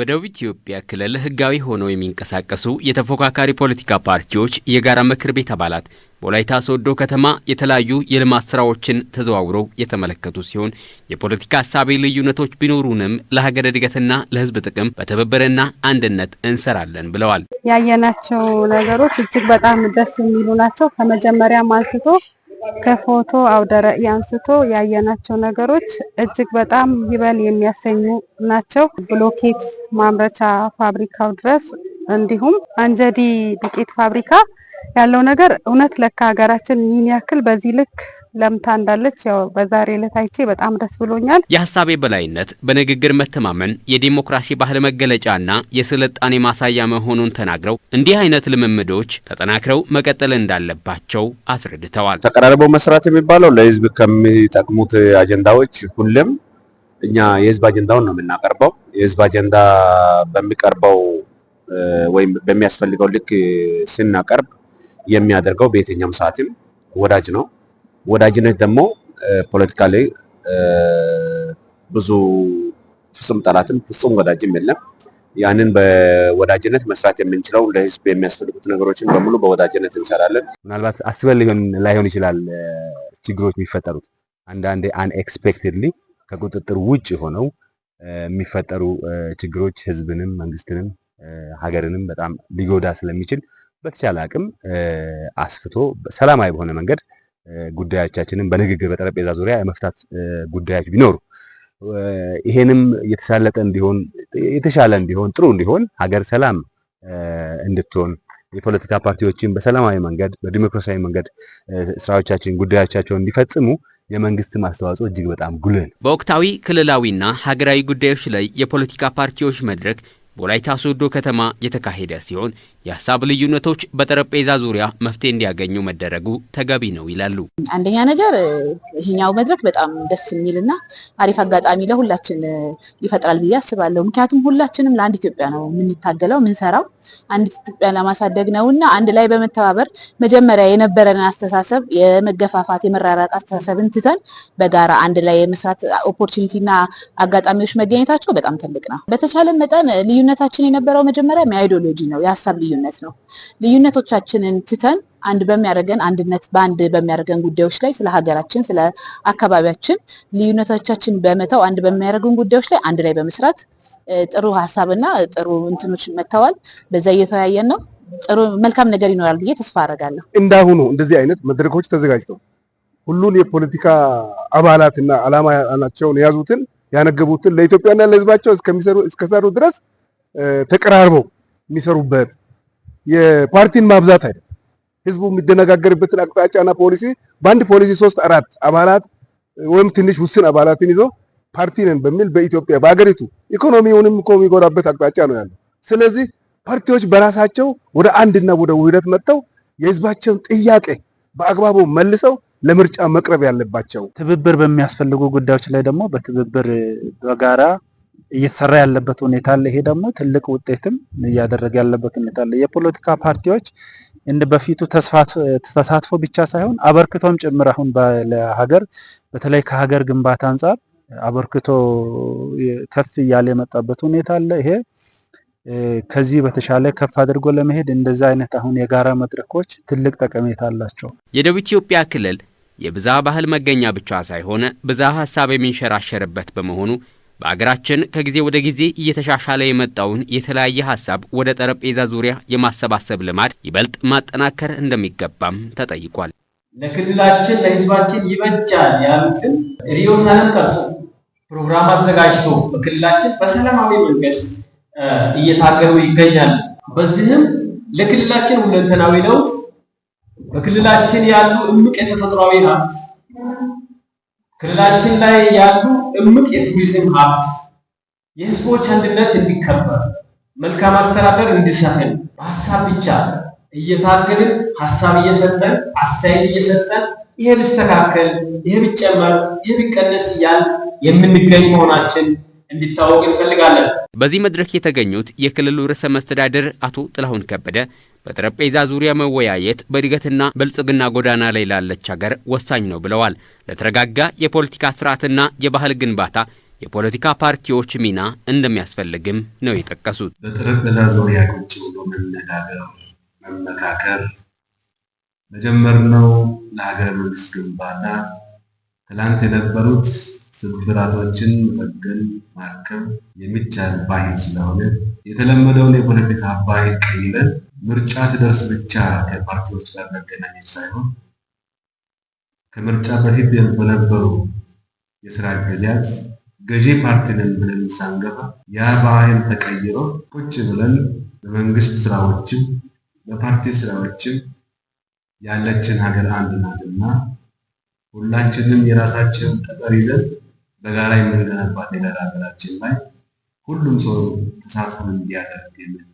በደቡብ ኢትዮጵያ ክልል ህጋዊ ሆነው የሚንቀሳቀሱ የተፎካካሪ ፖለቲካ ፓርቲዎች የጋራ ምክር ቤት አባላት በወላይታ ሶዶ ከተማ የተለያዩ የልማት ስራዎችን ተዘዋውረው የተመለከቱ ሲሆን የፖለቲካ ሀሳቢ ልዩነቶች ቢኖሩንም ለሀገር እድገትና ለህዝብ ጥቅም በትብብርና አንድነት እንሰራለን ብለዋል። ያየናቸው ነገሮች እጅግ በጣም ደስ የሚሉ ናቸው። ከመጀመሪያም አንስቶ ከፎቶ አውደ ርዕይ አንስቶ ያየናቸው ነገሮች እጅግ በጣም ይበል የሚያሰኙ ናቸው። ብሎኬት ማምረቻ ፋብሪካው ድረስ እንዲሁም አንጀዲ ዱቄት ፋብሪካ ያለው ነገር እውነት ለካ ሀገራችን ይህን ያክል በዚህ ልክ ለምታ እንዳለች ያው በዛሬ ዕለት አይቼ በጣም ደስ ብሎኛል። የሀሳቤ በላይነት፣ በንግግር መተማመን የዲሞክራሲ ባህል መገለጫና የስልጣኔ ማሳያ መሆኑን ተናግረው እንዲህ አይነት ልምምዶች ተጠናክረው መቀጠል እንዳለባቸው አስረድተዋል። ተቀራርበው መስራት የሚባለው ለህዝብ ከሚጠቅሙት አጀንዳዎች ሁሌም እኛ የህዝብ አጀንዳውን ነው የምናቀርበው። የህዝብ አጀንዳ በሚቀርበው ወይም በሚያስፈልገው ልክ ስናቀርብ የሚያደርገው በየትኛውም ሰዓትም ወዳጅ ነው። ወዳጅነት ደግሞ ፖለቲካ ላይ ብዙ ፍጹም ጠላትም ፍጹም ወዳጅም የለም። ያንን በወዳጅነት መስራት የምንችለው ለህዝብ የሚያስፈልጉት ነገሮችን በሙሉ በወዳጅነት እንሰራለን። ምናልባት አስበን ላይሆን ይችላል ችግሮች የሚፈጠሩት አንዳንዴ አንኤክስፔክትድሊ ከቁጥጥር ውጭ ሆነው የሚፈጠሩ ችግሮች ህዝብንም መንግስትንም ሀገርንም በጣም ሊጎዳ ስለሚችል በተቻለ አቅም አስፍቶ ሰላማዊ በሆነ መንገድ ጉዳዮቻችንን በንግግር በጠረጴዛ ዙሪያ የመፍታት ጉዳዮች ቢኖሩ ይሄንም የተሳለጠ እንዲሆን የተሻለ እንዲሆን ጥሩ እንዲሆን ሀገር ሰላም እንድትሆን የፖለቲካ ፓርቲዎችን በሰላማዊ መንገድ በዲሞክራሲያዊ መንገድ ስራዎቻችን ጉዳዮቻቸውን እንዲፈጽሙ የመንግስት ማስተዋጽኦ እጅግ በጣም ጉልህ ነው። በወቅታዊ ክልላዊና ሀገራዊ ጉዳዮች ላይ የፖለቲካ ፓርቲዎች መድረክ በወላይታ ሶዶ ከተማ የተካሄደ ሲሆን የሀሳብ ልዩነቶች በጠረጴዛ ዙሪያ መፍትሄ እንዲያገኙ መደረጉ ተገቢ ነው ይላሉ። አንደኛ ነገር ይሄኛው መድረክ በጣም ደስ የሚልና አሪፍ አጋጣሚ ለሁላችን ይፈጥራል ብዬ አስባለሁ። ምክንያቱም ሁላችንም ለአንድ ኢትዮጵያ ነው የምንታገለው የምንሰራው፣ አንድ ኢትዮጵያ ለማሳደግ ነው እና አንድ ላይ በመተባበር መጀመሪያ የነበረን አስተሳሰብ የመገፋፋት የመራራቅ አስተሳሰብን ትተን በጋራ አንድ ላይ የመስራት ኦፖርቹኒቲና አጋጣሚዎች መገኘታቸው በጣም ትልቅ ነው። በተቻለ መጠን ልዩነታችን የነበረው መጀመሪያ የአይዲዮሎጂ ነው የሀሳብ ልዩ ልዩነት ነው። ልዩነቶቻችንን ትተን አንድ በሚያደርገን አንድነት በአንድ በሚያደርገን ጉዳዮች ላይ ስለ ሀገራችን፣ ስለ አካባቢያችን ልዩነቶቻችን በመተው አንድ በሚያደርጉን ጉዳዮች ላይ አንድ ላይ በመስራት ጥሩ ሀሳብና ጥሩ እንትኖች መጥተዋል። በዛ እየተወያየን ነው። ጥሩ መልካም ነገር ይኖራል ብዬ ተስፋ አደርጋለሁ። እንዳሁኑ እንደዚህ አይነት መድረኮች ተዘጋጅተው ሁሉን የፖለቲካ አባላትና አላማ ናቸውን የያዙትን ያነገቡትን ለኢትዮጵያና ለሕዝባቸው እስከሚሰሩ እስከሰሩ ድረስ ተቀራርበው የሚሰሩበት የፓርቲን ማብዛት አይደለም። ህዝቡ የሚደነጋገርበትን አቅጣጫና ፖሊሲ በአንድ ፖሊሲ ሶስት አራት አባላት ወይም ትንሽ ውስን አባላትን ይዞ ፓርቲ ነን በሚል በኢትዮጵያ በሀገሪቱ ኢኮኖሚውንም እኮ የሚጎዳበት አቅጣጫ ነው ያለው። ስለዚህ ፓርቲዎች በራሳቸው ወደ አንድና ወደ ውህደት መጥተው የህዝባቸውን ጥያቄ በአግባቡ መልሰው ለምርጫ መቅረብ ያለባቸው፣ ትብብር በሚያስፈልጉ ጉዳዮች ላይ ደግሞ በትብብር በጋራ እየተሰራ ያለበት ሁኔታ አለ። ይሄ ደግሞ ትልቅ ውጤትም እያደረገ ያለበት ሁኔታ አለ። የፖለቲካ ፓርቲዎች እንደ በፊቱ ተሳትፎ ብቻ ሳይሆን አበርክቶም ጭምር አሁን ለሀገር በተለይ ከሀገር ግንባታ አንጻር አበርክቶ ከፍ እያለ የመጣበት ሁኔታ አለ። ይሄ ከዚህ በተሻለ ከፍ አድርጎ ለመሄድ እንደዛ አይነት አሁን የጋራ መድረኮች ትልቅ ጠቀሜታ አላቸው። የደቡብ ኢትዮጵያ ክልል የብዝሃ ባህል መገኛ ብቻ ሳይሆን ብዝሃ ሀሳብ የሚንሸራሸርበት በመሆኑ በአገራችን ከጊዜ ወደ ጊዜ እየተሻሻለ የመጣውን የተለያየ ሀሳብ ወደ ጠረጴዛ ዙሪያ የማሰባሰብ ልማድ ይበልጥ ማጠናከር እንደሚገባም ተጠይቋል። ለክልላችን ለህዝባችን ይበጃል ያሉትን ርዕዮተ ዓለም ቀርጾ ፕሮግራም አዘጋጅቶ በክልላችን በሰላማዊ መንገድ እየታገሉ ይገኛል። በዚህም ለክልላችን ሁለንተናዊ ለውጥ በክልላችን ያሉ እምቅ የተፈጥሯዊ ሀብት ክልላችን ላይ ያሉ እምቅ የቱሪዝም ሀብት የህዝቦች አንድነት እንዲከበር መልካም አስተዳደር እንዲሰፍን በሀሳብ ብቻ እየታገልን ሀሳብ እየሰጠን አስተያየት እየሰጠን ይሄ ቢስተካከል፣ ይሄ ቢጨመር፣ ይሄ ቢቀነስ እያል የምንገኝ መሆናችን እንዲታወቅ እንፈልጋለን። በዚህ መድረክ የተገኙት የክልሉ ርዕሰ መስተዳደር አቶ ጥላሁን ከበደ በጠረጴዛ ዙሪያ መወያየት በእድገትና ብልጽግና ጎዳና ላይ ላለች ሀገር ወሳኝ ነው ብለዋል። ለተረጋጋ የፖለቲካ ስርዓትና የባህል ግንባታ የፖለቲካ ፓርቲዎች ሚና እንደሚያስፈልግም ነው የጠቀሱት። በጠረጴዛ ዙሪያ ቁጭ ብሎ መነጋገር፣ መመካከር መጀመርነው ለሀገረ መንግስት ግንባታ ትላንት የነበሩት ስብራቶችን መጠገን ማከም የሚቻል ባህል ስለሆነ የተለመደውን የፖለቲካ ባህል ቀይረን ምርጫ ሲደርስ ብቻ ከፓርቲዎች ጋር መገናኘት ሳይሆን ከምርጫ በፊት በነበሩ የስራ ጊዜያት ገዢ ፓርቲንን ብለን ሳንገባ ያ ባህል ተቀይሮ ቁጭ ብለን በመንግስት ስራዎችም በፓርቲ ስራዎችም ያለችን ሀገር አንድ ናትና ሁላችንም የራሳችንን ጠጠር ይዘን በጋራ የምንገነባት ሌላ ሀገራችን ላይ ሁሉም ሰው ተሳትፎን እንዲያደርግ የሚል